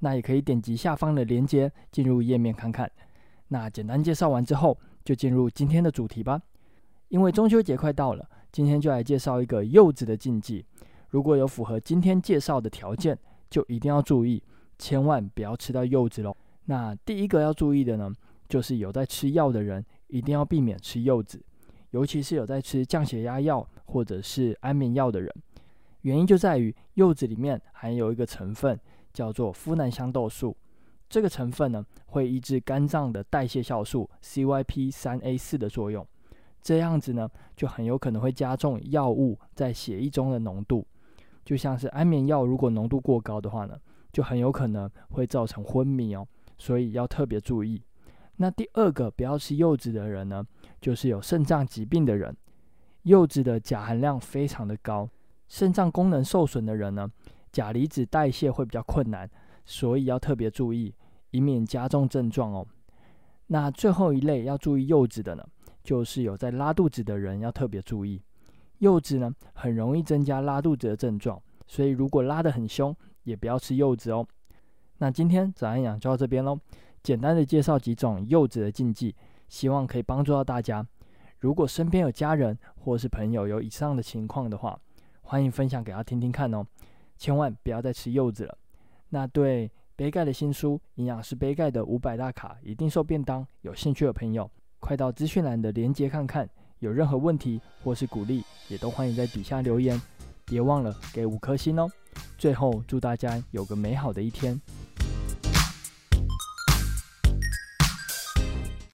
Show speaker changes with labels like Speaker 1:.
Speaker 1: 那也可以點擊下方的鏈接進入頁面看看。那簡單介紹完之後，就進入今天的主題吧。因為中秋節快到了，今天就來介紹一個柚子的禁忌。如果有符合今天介紹的條件，就一定要注意，千萬不要吃到柚子嘍。那第一個要注意的呢，就是有在吃藥的人一定要避免吃柚子，尤其是有在吃降血壓藥或者是安眠藥的人。原因就在於柚子裡面含有一個成分。叫做呋喃香豆素，這個成分呢，會抑制肝臟的代謝酵素 CYP 三 A 四的作用，這樣子呢就很有可能會加重藥物在血液中的濃度，就像是安眠藥，如果濃度過高的話呢，就很有可能會造成昏迷哦，所以要特別注意。那第二個不要吃柚子的人呢，就是有腎臟疾病的人。柚子的鉀含量非常的高，腎臟功能受損的人呢，鉀離子代謝會比較困難，所以要特別注意，以免加重症狀哦。那最後一類要注意柚子的呢，就是有在拉肚子的人要特別注意，柚子呢很容易增加拉肚子的症狀，所以如果拉得很兇，也不要吃柚子哦。那今天張安養就到這邊嘍，簡單的介紹幾種柚子的禁忌，希望可以幫助到大家。如果身邊有家人或是朋友有以上的情況的話，歡迎分享給他聽聽看哦。千萬不要再吃柚子了。那對杯蓋的新書《營養師杯蓋的五百大卡一定瘦便當》，有興趣的朋友，快到資訊欄的鏈接看看。有任何問題或是鼓勵，也都歡迎在底下留言。別忘了給五顆星哦。最後，祝大家有個美好的一天。